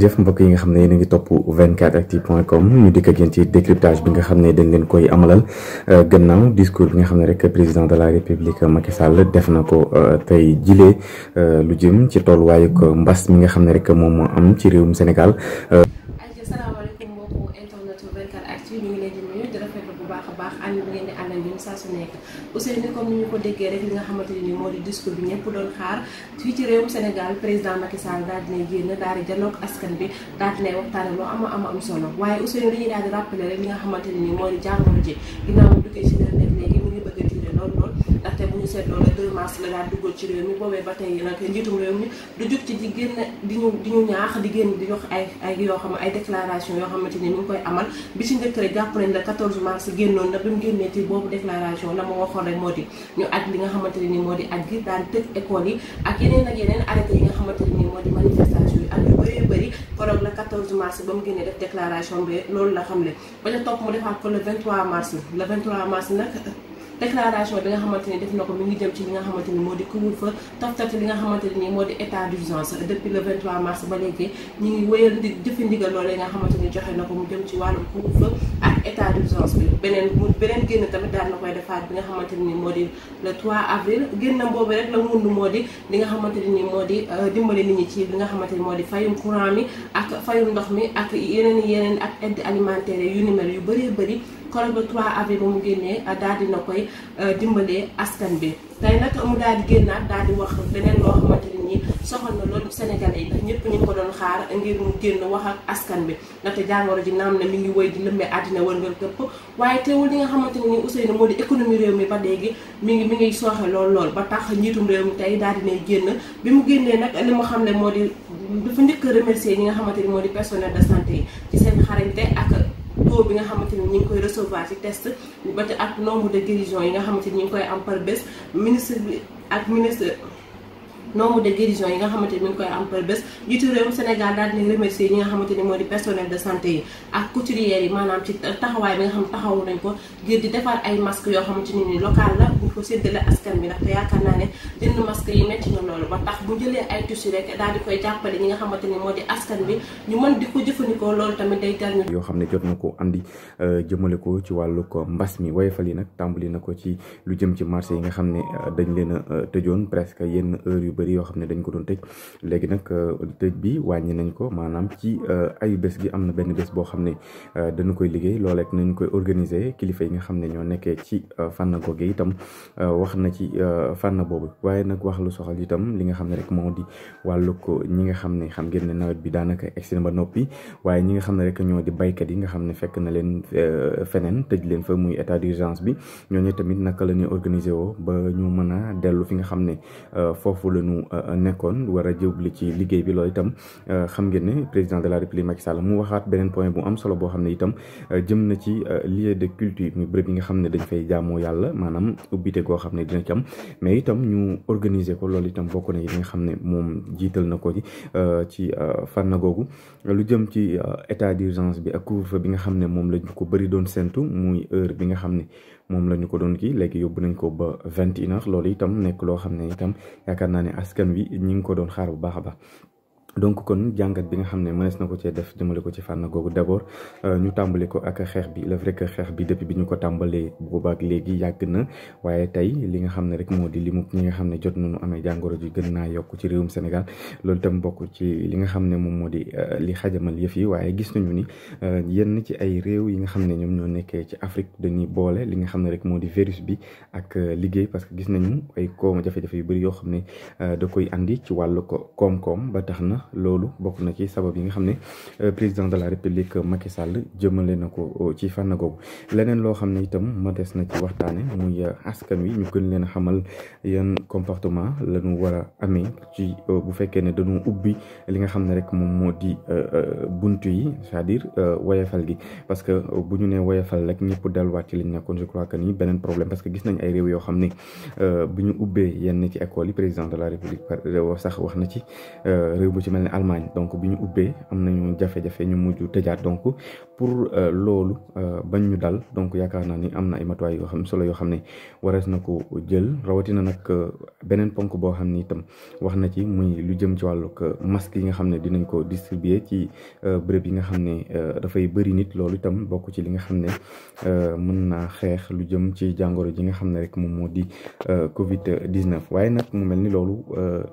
jëf mbokk yi nga xam ne yéen ngi topp 24actu point com ñu dikk ak yéen ci décryptage bi nga xam ne dañ leen koy amalal euh, gannaaw discours bi nga xam ne rek président de la république euh, Macky Sall def na ko euh, tey jilee lu jëm ci tolluwaayuk mbas mi nga xam ne rek moom moo am ci réewum Sénégal. internet 24actu ñu ngi leen di nuyu di rafetlu bu baax a baax ànd bi ngeen di àndal ñun saa su nekk Ousseynou comme ni ñu ko déggee rek li nga xamante ni moo di discours bi ñëpp doon xaar fii ci réewum Sénégal président Macky Sall daal dinay génn daal di janoog askan bi daal dinay waxtaane loo ama ama am solo waaye Ousseynou dañuy daal di rappelé rek li nga xamante ni moo di jàngoro ji ginnaaw mu duggee ci bu seetloo la 2 mars la daan duggal ci réew mi boobee ba tey di génn ñaax di génn di jox ay yoo xam ay déclaration yoo xamante ni mi ngi koy amal bi ci njëkk rek jàpp nañ la 14 mars génnoon na bi mu génnee ci la moo di ñu aj li nga xamante ne ni moo di yi ak yi nga xamante ne ni moo di manifestation yi ak yu bëree bëri koroog la 14 mars ba mu génnee def déclaration bi loolu la xam ne ba ca topp mu defaat ko le 23 mars le 23 mars nag déclaration bi nga xamante ni def na ko mi ngi jëm ci li nga xamante ni moo di couvre-feu toftati li nga xamante ni moo di état d'urgence depuis le 23 mars ba léegi ñu ngi wéyal di jëfandigal loolee nga xamante ni joxe na ko mu jëm ci wàllum couvre-feu ak état d'urgence bi beneen mu beneen génn tamit daal na koy defaat bi nga xamante ni moo di le 3 avril génn boobu rek la wund moo di li nga xamante ni moo di euh, dimbali nit ñi ci li nga xamante ni moo di fayum courant mi ak fayum ndox mi ak yeneen yeneen ak aide alimentaire yu ni mel yu bëree bëri colloque le 3 avril ba mu génnee euh, daal dina koy euh, dimbalee askan bi tey nag mu daal di génn génnaat daal di wax beneen loo xamante nii soxal na loolu Sénégalais yi ndax ñëpp ñu ngi ko doon xaar ngir mu génn wax ak askan bi ndaxte jàngoro ji naam na mi ngi woy di lëmbee àddina wërngal këpp waaye teewul li nga xamante ne nii Ousseynou moo di économie réew mi ba léegi mi ngi mi ngi sooxe lool lool ba tax njiitum réew mi tey daal dinay génn bi mu génnee nag li mu xam ne moo di dafa njëkk remercier ñi nga xamante ni moo di personnel de santé ci seen xarañte ak taux bi nga xamante ni ñu ngi koy recevoir ci test ba ci ak nombre de guérisons yi nga xamante ni ñu ngi koy am par bés ministre bi ak ministre nombre de guérisons yi nga xamante ni mi ngi koy am par bés jiitu réewum Sénégal daal xamante ni moo di personnel de santé yi ak couturiers yi maanaam ci taxawaay bi nga xam taxawu nañ ko ngir di defar ay masques yoo xamante ni local la séddale askan bi ndax te yaakaar naa ne jënd masque yi métti loolu ba tax bu jëlee ay tissu rek daal koy jàppale ñi nga yoo xam ne jot na ko andi euh, jëmale ko ci wàllu ko mbas mi woyofal yi nag tàmbali na ko ci lu jëm ci marché yi nga xam ne euh, dañ leen a euh, tëjoon presque yenn heure yu bari yoo xam ne dañ ko doon tëj léegi nag tëj bi wàññi nañ ko maanaam ci ayu bés gi am na benn bés boo xam ne dañu koy liggéey loolee nañ koy organiser kilifa yi nga xam ne ñoo nekkee ci fànn googu itam Euh, wax na ci euh, fànn boobu waaye nag wax lu soxal itam li nga xam ne rek moo di wàllu ko ñi nga xam ne xam ngeen ne nawet bi daanaka egsi ba noppi waaye ñi nga xam ne rek ñoo di baykat yi nga xam ne fekk na leen euh, feneen tëj leen fa muy état d'urgence bi ñooñu tamit naka la ñuy organiser woo ba ñu mën a dellu fi nga xam ne foofu la ñu nekkoon war a jëbli ci liggéey bi loolu itam xam ngeen ne président de la république Macky mu waxaat beneen point bu am solo boo xam ne itam jëm na ci lieu de culture muy bërëb nga xam ne dañ fay jaamoo yàlla goo xam ne dina ci mais itam ñu organiser ko loolu itam bokk na yi nga xam ne moom jiital na ko ci euh, ci euh, fànn googu lu jëm ci euh, état d'urgence bi ak couvre bi nga xam ne moom lañ ko bëri doon séntu muy heure bi nga xam ne moom la ñu ko doon kii léegi yóbbu nañ ko ba vingt et une loolu itam nekk loo xam ne itam yaakaar naa ne askan wi ñi ngi ko doon xaar bu baax a baax donc kon jàngat bi nga xam ne mënees na ko cee def jëmale ko ci fànn googu d'abord euh, ñu tàmbali ko ak xeex bi le vrai que xeex bi depuis bi ñu ko tàmbalee boobaak léegi yàgg na waaye tey li nga xam ne rek moo di limu ñi nga xam ne jot nañu amee jàngoro ji gën naa yokk ci réewum Sénégal loolu tam bokk ci li xam ne moom moo di euh, li xajamal yëf yi waaye gis nañu ni euh, yenn ci ay réew yi nga xam ne ñoom ñoo nekkee ci Afrique dañuy boole li nga xam ne rek moo di virus bi ak liggéey parce que gis nañu ay koom jafe-jafe yu bëri yoo xam ne da koy andi ci wàllu ko koom-koom ba tax na loolu bokk na ci sabab yi nga xam ne euh, président de la république euh, Macky Sall jëmale na ko euh, ci fànn googu leneen loo xam ne itam ma des na ci waxtaane muy askan wi ñu gën leen xamal yan comportement la ñu war a amee ci bu fekkee ne dañu ubbi li nga xam ne rek moom moo di buntu yi c'est-à-dire woyefal gi parce que bu ñu nee woyefal rek ñëpp delluwaat ci liñ nekkoon je crois que ni beneen problème parce que gis nañ ay réew yoo xam ne bu ñu ubbee yenn ci école yi président de la république sax wax na ci réew bu ci mel ne Allemagne donc bi ñu ubbee am nañu jafe-jafe ñu mujj tëjaat donc pour euh, loolu euh, bañ ñu dal donc yaakaar naa ni am na ay matuwaay yoo xam solo yoo xam ne warees na ko jël rawatina nag euh, beneen ponk boo xam ni itam wax na ci muy lu jëm ci wàllug masque yi nga xam ne dinañ ko distribuer ci béréb yi nga xam ne dafay bëri nit loolu itam bokk ci li nga xam ne mën naa xeex lu jëm ci jàngoro ji nga xam ne rek moom moo di Covid 19 waaye nag mu mel ni loolu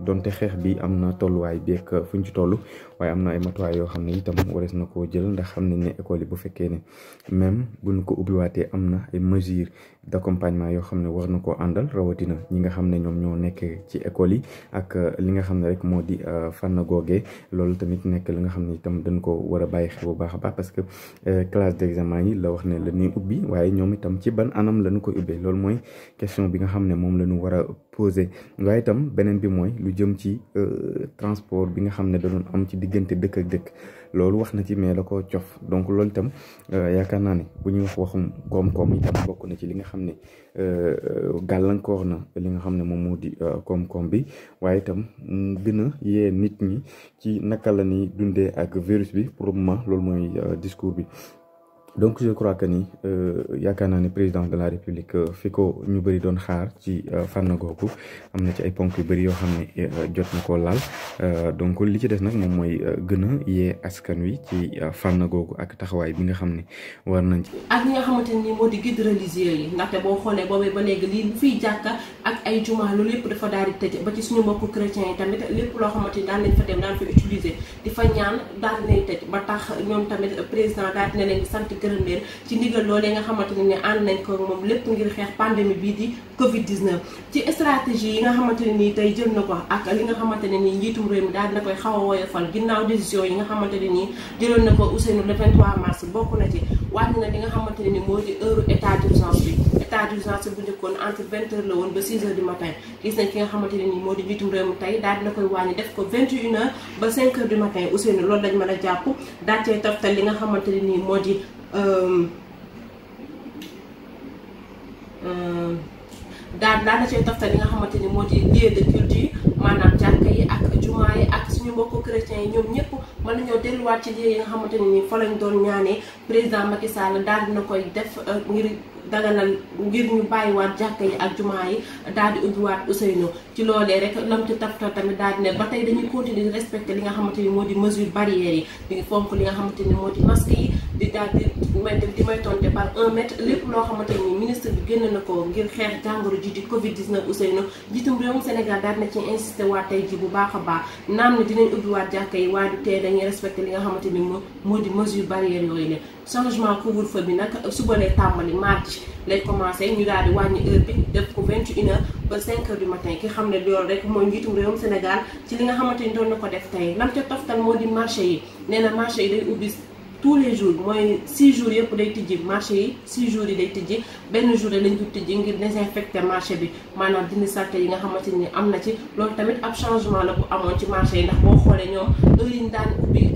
donte xeex bi am na tolluwaay beeg fu ñu ci toll waaye am na ay matuwaay yoo xam ne itam warees na koo jël ndax xam nañ ne école yi fekkee ne même bu ñu ko ubbiwaatee am na ay mesures d'accompagnement yoo xam ne war na koo àndal rawatina ñi nga xam ne ñoom ñoo nekk ci école yi ak euh, li nga xam ne rek moo di euh, fànn googee loolu tamit nekk li nga xam ne itam dañ ko war a bàyyi xel bu baax a que euh, classe d'examen yi la wax ne la ñuy ubbi waaye ñoom itam ci ban anam la ñu koy ubbee loolu mooy question bi nga xam ne moom la ñu war a poser waaye itam beneen bi mooy lu jëm ci transport bi nga xam ne da am ci digg diggante dëkk ak dëkk loolu wax na ci mais la koo cof donc lool itam euh, yaakaar naa ne bu ñuy wax waxum koom-koom itam bokk na ci li nga xam ne euh, euh, gàllankoor na li nga xam ne moom moo di koom-koom bi waaye itam mu gën yee nit ñi ci naka la ni dundee ak virus bi pour ma loolu mooy discours bi donc je crois que nii euh, yaakaar naa ne président de la république euh, fi ko ñu bëri doon xaar ci euh, fànn googu am na ci ay ponk yu bëri yoo xam ne jot na koo laal donc li ci des nag moom mooy gën a yee askan wi ci fànn googu ak taxawaay bi nga xam ne war nañ ci. ak ñi nga xamante moo di guide religieux yi ndaxte boo xoolee boobee ba léegi lii fiy jàkka ak ay juma loolu lépp dafa daal tëj ba ci suñu mbokku chrétiens yi tamit lépp loo xamante ni daan nañ fa tëral leen ci ndigal loolee nga xamante ne ànd nañ ko moom lépp ngir xeex pandémie bii di Covid 19. ci stratégie yi nga xamante ne nii tey jël na ko ak li nga xamante ne nii njiitum réew mi daal dina koy xaw a woyofal ginnaaw décision yi nga xamante ne nii jëloon na ko Ousseynou le bokk na ci wàññi na nga xamante ne nii moo di heure état d'urgence bu njëkkoon entre vingt la woon ba six heures du matin gis ki nga xamante ne nii moo di njiitum tey daal dina koy wàññi def ko vingt et une heures ba cinq heures du matin Ousseynou loolu lañ mën a jàpp daal cay toftal li nga xamante ne nii moo di daal daan na cee toftal li nga xamante ni moo di lieu de culture maanaam jàkka yi ak jumaa yi ak suñu mbokku yi ñoom ñëpp mën nañoo delluwaat ci yi nga xamante ne ni fa lañ doon ñaanee président Macky Sall daal dina koy def euh, ngir daganal ngir ñu bàyyiwaat jàkka yi ak jumaa yi daal di ubbiwaat Ousseynou ci loolee rek lam ci toftal tamit daal di ne ba tey dañuy continuer di respecter li nga xamante ni moo di mesure barrières yi di fonk li nga xamante ni moo di masque yi di daal di may di may tonté par un mètre lépp loo xamante ministre bi génn na ko ngir xeex jàngoro ji di Covid 19 Ousseynou jiitum réewum Sénégal daal na ci insisté waat tey ji bu baax baax naam ne dinañ ubbiwaat jàkka yi waaye du li nga xamante ni moom moo di mesure barrière yooyu la changement couvre-feu bi nag suba lay tàmbali mardi lay commencé ñu daal di wàññi bi def ko 21 heures ba 5 heures du matin ki xam ne loolu rek mooy njiitum réewum Sénégal ci li nga xamante ni doon na ko def tey lam ca toftal moo di marché yi nee marché yi day ubbi tous les jours mooy 6 jours yëpp day tijji marché yi 6 jours yi day tijji benn jour lañ ko tijji ngir désinfecter marché bi maanaam dindi saleté yi nga xamante ni am na ci loolu tamit ab changement la bu amoon ci marché yi ndax boo xoolee ñoom heure yi ñu daan ubbi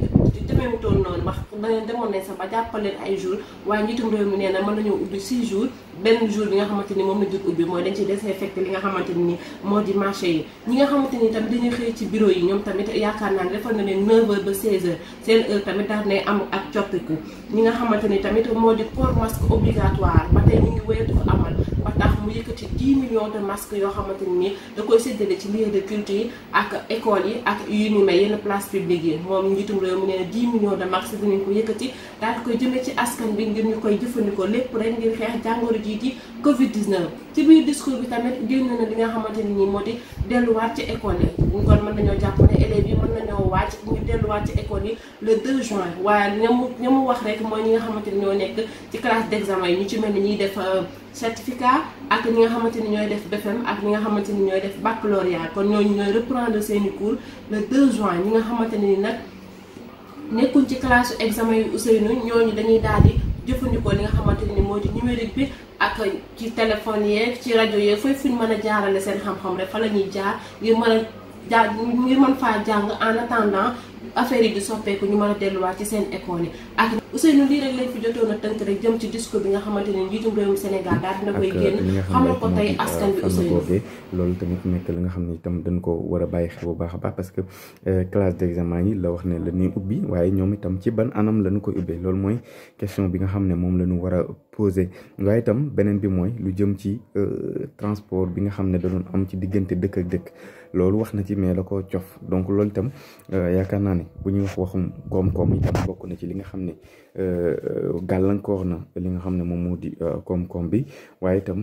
demeewul toon noonu wax beneen demoon nañ sax ba jàppaleen ay jours waaye njiitum réew mi nee na mën nañoo ubbi 6 jours benn jour bi nga xamante ni moom la jur ubbi mooy dañ ci désinfecté li nga xamante ni moo di marché yi ñi nga xamante ni tamit dañuy xëy ci bureau yi ñoom tamit yaakaar naa ne defal na leen 9h ba 16h seen heure tamit daal nay am ak coppiku ñi nga xamante ni tamit moo di port masque obligatoire ba tey ñu ngi wéyatu ko amal ba tax mu yëkkati 10 millions de masques yoo xamante ni da koy séddale ci lieu de culte yi ak école yi ak yu ni mel yenn place publique yi moom njiitum réew mu nee na 10 millions de masques dinañ ko yëkkati daal koy jëmee ci askan bi ngir ñu koy jëfandikoo lépp rek ngir xeex jàngoro jii di Covid 19. ci biir discours bi tamit génn na li nga xamante ni nii moo di delluwaat ci école yi bu kon mën nañoo jàpp ne élèves mën nañoo wàcc ñu delluwaat ci école yi le 2 juin waaye ña mu ña wax rek mooy ñi nga xamante ni ñoo nekk ci classe d'examen yi ñu ci mel ni ñuy def euh, certificat ak ñi nga xamante ni ñooy def BFEM ak ñi nga xamante ni ñooy def baccalauréat kon ñooñu ñooy reprendre seeni cours le 2 juin ñi nga xamante ni nag nekkuñ ci classe examen yu Ousseynou dañuy daal jëfandikoo li nga xamante ni moo di numérique bi ak ci téléphone yee ci rajo yeeg fooy fu ñu mën a jaarale seen xam-xam rek fa la ñuy jaar ngir mën a jaar ngir mën faa jàng en attendant affaire yi di soppeeku ñu mën a delluwaat ci seen école yi ak Ousseynou lii rek lañ fi jotoon a tënk rek jëm ci discours bi nga xamante ne njiitum réewum ko euh, loolu tamit nekk li nga xam ne itam dañ ko war a bàyyi xel bu baax a baax parce que euh, classe d'examen yi la wax ne la ñuy ubbi waaye ñoom itam ci ban anam la ñu koy ubbee loolu mooy question bi nga xam ne moom la ñu war a posé waaye itam beneen bi mooy lu jëm ci euh, transport bi nga xam ne da am ci diggante dëkk ak dëkk loolu wax na ci mais la ko cof donc loolu itam yaakaar naa naa ne bu ñuy waxum koom-koom itam bokk na ci li nga xam ne euh, gàllankoor na li nga xam ne moom moo di euh, koom-koom bi waaye itam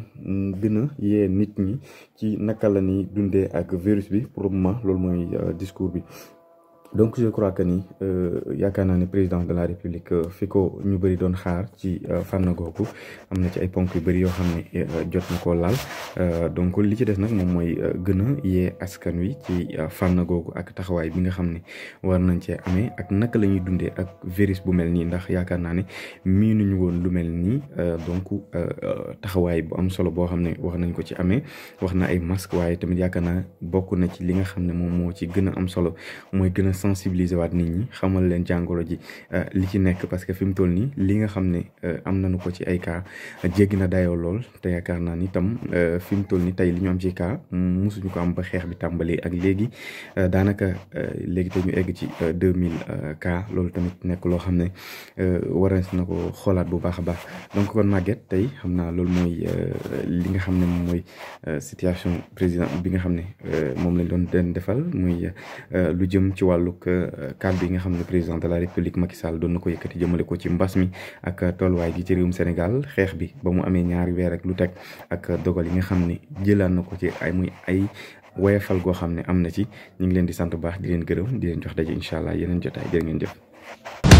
gën yee nit ñi ci naka la ñuy dundee ak virus bi pour le loolu mooy euh, discours bi donc je crois que ni euh, yaakaar naa ne président de la république euh, fi ko ñu bëri doon xaar ci euh, fànn googu am na ci ay ponk yu bëri yoo xam ne jot na koo laal donc li ci des nag moom mooy gën a yee askan wi ci fànn googu ak taxawaay bi nga xam ne war nañ cee amee ak naka la ñuy dundee ak virus bu mel nii ndax yaakaar naa ne miinuñu woon lu mel nii donc taxawaay bu am solo boo xam ne wax nañ ko ci amee wax na ay masque waaye tamit yaakaar naa bokk na ci li nga xam ne moom moo ci gën a am solo mooy gën sensibiliser waat nit ñi xamal leen jàngoro ji euh, li ci nekk parce que fi mu toll nii li nga xam ne euh, am nañu ko ci ay cas jéggi na dayoo lool te yaakaar naa ni tam euh, fi mu toll nii tey li ñu ci cas mosuñu ko am ba xeex bi tàmbalee ak léegi daanaka léegi te egg ci deux mille cas loolu tamit nekk loo xam ne warees na ko xoolaat bu baax a baax donc kon Maguette tey xam naa loolu mooy li nga xam ne moom mooy situation président bi nga xam ne moom lañ doon den defal muy lu jëm ci wàllu wàllug euh, kàddu yi nga xam ne président de la république Macky Sall doon na ko yëkkati jëmale ko ci mbas mi ak tolluwaay gi ci réewum Sénégal xeex bi ba mu amee ñaari weer lu teg ak dogal yi nga xam ne jëlaan na ko ci ay muy ay woyefal goo xam ne am na ci ñu ngi leen di sant baax di leen gërëm di leen jox daje incha allah yeneen jotaay jërë ngeen jëf.